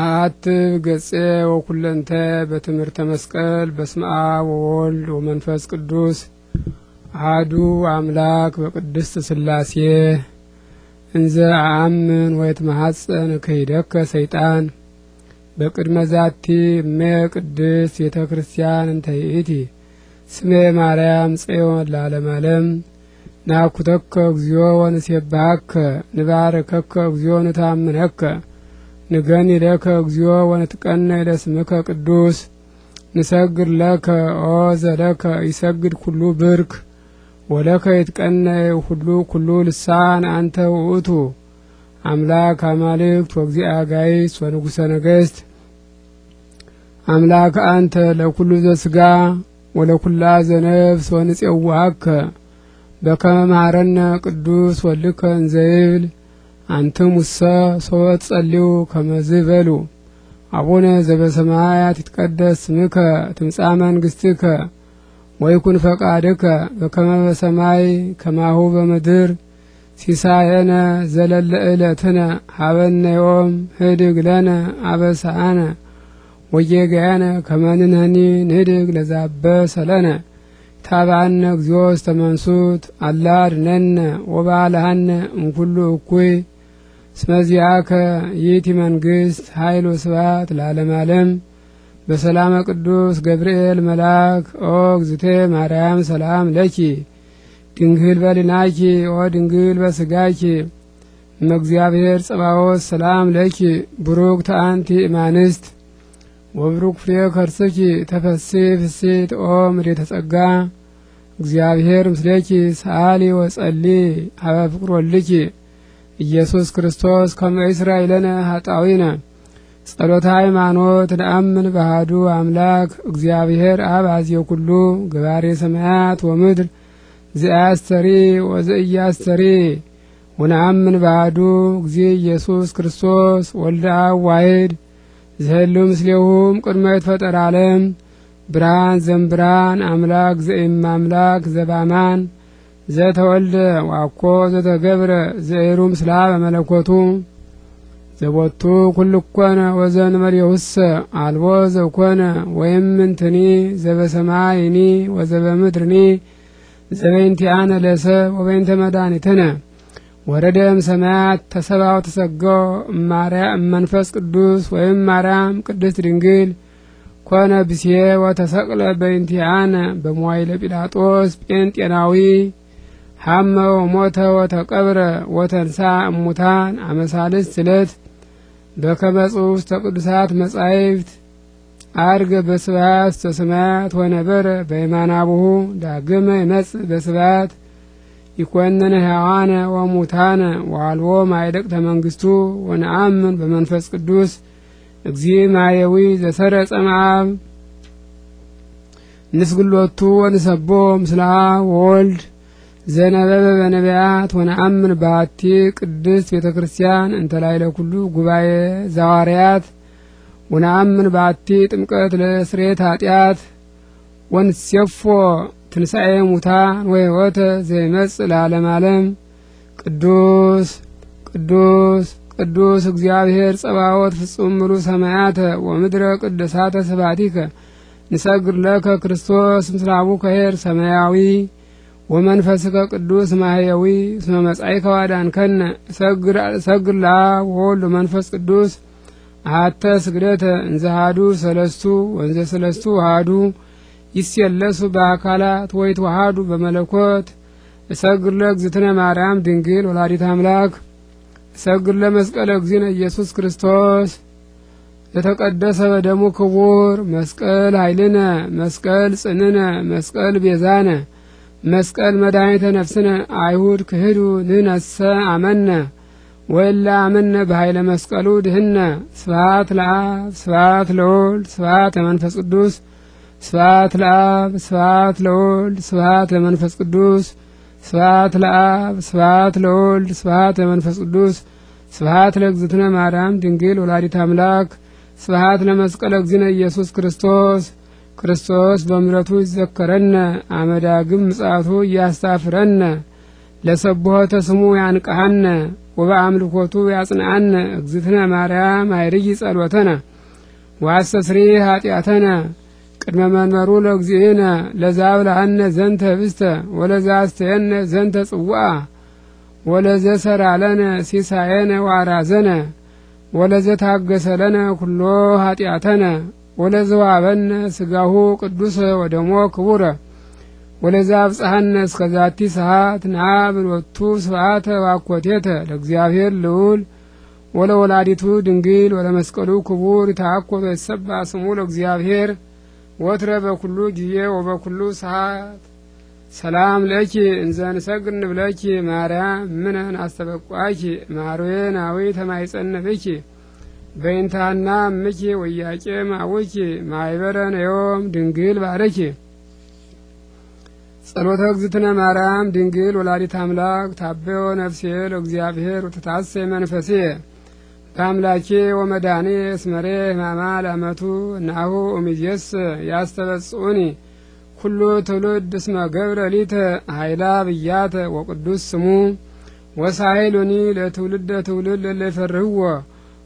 አትብ ገጼ ወኩለንተ በትምህርተ መስቀል በስመ አብ ወወልድ ወመንፈስ ቅዱስ አህዱ አምላክ በቅድስት ስላሴ እንዘ አአምን መሐፀን ከሂደከ ሰይጣን በቅድመ ዛቲ እሜ ቅድስት ቤተ ክርስቲያን እንተ ይእቲ ስሜ ማርያም ጽዮን ለዓለመ ዓለም ናኩተከ እግዚኦ ወንሴብሐከ ንባረከከ እግዚኦ ንታምነከ ንገኒ ለከ እግዚኦ ወንትቀነ ለስምከ ቅዱስ ንሰግድ ለከ ኦ ዘለከ ይሰግድ ኩሉ ብርክ ወለከ ይትቀነ ሁሉ ኩሉ ልሳን አንተ ውእቱ አምላክ አማልክት ወእግዚአ ጋይስ ወንጉሰ ነገስት አምላክ አንተ ለኩሉ ዘስጋ ወለኩላ ዘነፍስ ወንፄዋከ በከመ መሃረነ ቅዱስ ወልከ እንዘይብል አንተ ሙሳ ሰወት ጸልዩ ከመዝ በሉ አቡነ ዘበሰማያት ይትቀደስ ስምከ ትምጻ መንግስትከ ወይኩን ፈቃድከ በከመ በሰማይ ከማሁ በምድር ሲሳየነ ዘለለ ዕለትነ ሀበነ ዮም ህድግ ለነ አበሳአነ ወጌጋየነ ከመንነኒ ንሕነኒ ንህድግ ለዛበሰ ለነ ታብአነ እግዚኦ እስተመንሱት አላ አድኅነነ ወባልሐነ እምኩሉ እኩይ እስመዚአከ ይእቲ መንግስት ኃይል ስባት ለዓለመ ዓለም በሰላመ ቅዱስ ገብርኤል መልአክ ኦ እግዝቴ ማርያም ሰላም ለኪ ድንግል በሊናኪ ኦ ድንግል በስጋኪ እመእግዚአብሔር ጸባዖት ሰላም ለኪ ብሩክ ተአንቲ እማንስት ወብሩክ ፍሬ ከርስኪ ተፈሲ ፍሲት ኦ ምድ ጸጋ እግዚአብሔር ምስሌኪ ሰአሊ ወጸሊ አበ ፍቅር ኢየሱስ ክርስቶስ ከመ ይሥረይ ለነ ኃጣውኢነ ጸሎተ ሃይማኖት ነአምን በሃዱ አምላክ እግዚአብሔር አብ አዝዮ ኩሉ ገባሬ ሰማያት ወምድር ዘአስተሪ ወዘኢያስተሪ ወነአምን በሃዱ እግዚ ኢየሱስ ክርስቶስ ወልደ አብ ዋሕድ ዘህልው ምስሌሁም ቅድመ ይትፈጠር ዓለም ብርሃን ዘእምብርሃን አምላክ ዘእም አምላክ ዘባማን ዘተወልደ ዋኮ ዘተገብረ ዘኤሩ ምስላ በመለኮቱ ዘቦቱ ኩልኮነ ወዘን መሪውሰ አልቦ ዘኮነ ወይም እንትኒ ዘበሰማይኒ ወዘበምድርኒ አነ ለሰ ወበይንተ መድኃኒትነ ወረደም ሰማያት ተሰባው ተሰጎ መንፈስ ቅዱስ ወይም ማርያም ቅድስት ድንግል ኮነ ብስየ ወተሰቅለ አነ በሞዋይለ ጲላጦስ ጴንጤናዊ ሐመ ሞተ ወተቀብረ ወተንሳ እሙታን አመሳልስት ስለት በከመ ውስተ ቅዱሳት መጻሕፍት አርገ በስብሐት ውስተ ሰማያት ወነበረ በየማነ አቡሁ ዳግመ ይመጽእ በስብሐት ይኮንነ ሕያዋነ ወሙታነ ወአልቦ ማይደቅ ተመንግስቱ ወነአምን በመንፈስ ቅዱስ እግዚእ ማየዊ ዘሰረጸ መዓብ ንስግሎቱ ወንሰቦ ምስለ ወወልድ ዘነበበ በነቢያት ወነአምን ባቲ ቅድስት ቤተ ክርስቲያን እንተላይለ ኩሉ ጉባኤ ዘዋርያት ወነአምን ባቲ ጥምቀት ለስሬት ኃጢአት ወንሴፎ ትንሣኤ ሙታን ወሕይወተ ዘይመጽ ለዓለም ዓለም ቅዱስ ቅዱስ ቅዱስ እግዚአብሔር ጸባዖት ፍጹም ምሉ ሰማያተ ወምድረ ቅድሳተ ስባቲከ ንሰግር ለከ ክርስቶስ ምስላቡ ከሄር ሰማያዊ ወመንፈስከ ቅዱስ ማህየዊ እስመ መጻኢከ ዋዳንከነ ሰግድ ለአብ ወወልድ ወመንፈስ ቅዱስ አሐተ ስግደተ እንዘ አሐዱ ሰለስቱ ወእንዘ ሰለስቱ አሐዱ ይሴለሱ በአካላት ወይትወሃዱ በመለኮት እሰግድ ለእግዝእትነ ማርያም ድንግል ወላዲተ አምላክ እሰግድ ለመስቀለ እግዚእነ ኢየሱስ ክርስቶስ ለተቀደሰ በደሙ ክቡር መስቀል ኃይልነ መስቀል ጽንነ መስቀል ቤዛነ መስቀል መድኃኒተ ነፍስነ አይሁድ ክህዱ ልነሰ አመነ ወላ አመነ በኃይለ መስቀሉ ድህነ ስብሐት ለአብ ስብሐት ለወልድ ስብሐት ለመንፈስ ቅዱስ ስብሐት ለአብ ስብሐት ለወልድ ስብሐት ለመንፈስ ቅዱስ ስብሐት ለአብ ስብሐት ለወልድ ስብሐት ለመንፈስ ቅዱስ ስብሐት ለእግዝእትነ ማርያም ድንግል ወላዲት አምላክ ስብሐት ለመስቀለ እግዚእነ ኢየሱስ ክርስቶስ ክርስቶስ በምረቱ ይዘከረነ አመዳግም ምጽአቱ እያስታፍረነ ለሰብሖተ ስሙ ያንቀሃነ ወበአምልኮቱ ያጽንአነ እግዝትነ ማርያም አይርይ ጸሎተነ ዋሰስሪ ኃጢአተነ ቅድመ መንበሩ ለእግዚእነ ለዛብላአነ ዘንተ ብስተ ወለዛስተየነ ዘንተ ጽዋአ ወለዘሰራለነ ሲሳየነ ዋራዘነ ወለዘታገሰለነ ኩሎ ኃጢአተነ ወለዘዋበነ ስጋሁ ቅዱስ ወደሞ ክቡረ ወለዛ አብጽሐነ እስከ ዛቲ ሰዓት ናብ ወቱ ስብሐተ ወአኮቴተ ለእግዚአብሔር ልዑል ወለወላዲቱ ድንግል ወለመስቀሉ ክቡር ይትአኮት የሰባ ስሙ ለእግዚአብሔር ወትረ በኩሉ ጊዜ ወበኩሉ ሰዓት ሰላም ለኪ እንዘ ንሰግድ ንብለኪ ማርያም ምነን አስተበቋኪ ማርዌ ናዊ ተማይጸነ ብኪ በይንታና እምኪ ወያቄ ማውኪ ማይበረን ዮም ድንግል ባረኪ ጸሎተ እግዝእትነ ማርያም ድንግል ወላዲት አምላክ ታበዮ ነፍሴ ለእግዚአብሔር ወተታሴ መንፈሴ በአምላኬ ወመድኃኔ እስመሬ ህማማ ላመቱ ናሁ ኡሚዜስ ያስተበጽኡኒ ኩሉ ትውልድ እስመ ገብረ ሊተ ሀይላ ብያተ ወቅዱስ ስሙ ወሳይሉኒ ለትውልደ ትውልድ ለለይፈርህዎ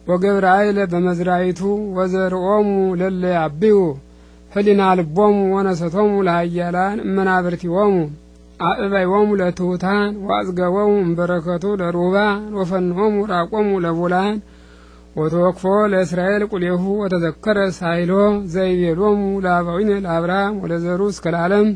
ወገብርአይለ በመዝራይቱ ወዘርኦሙ ለለያብዩ ህሊና ልቦሙ ወነሰቶሙ ለሃያላን እመናብርቲዎሙ አእበይዎሙ ለትሑታን ወአጽገቦሙ እምበረከቱ ለርሁባን ወፈንሆሙ ራቆሙ ለቡላን ወተወክፎ ለእስራኤል ቁሌሁ ወተዘከረ ሳይሎ ዘይቤሎሙ ለአበዊነ ለአብርሃም ወለዘሩ እስከ ለዓለም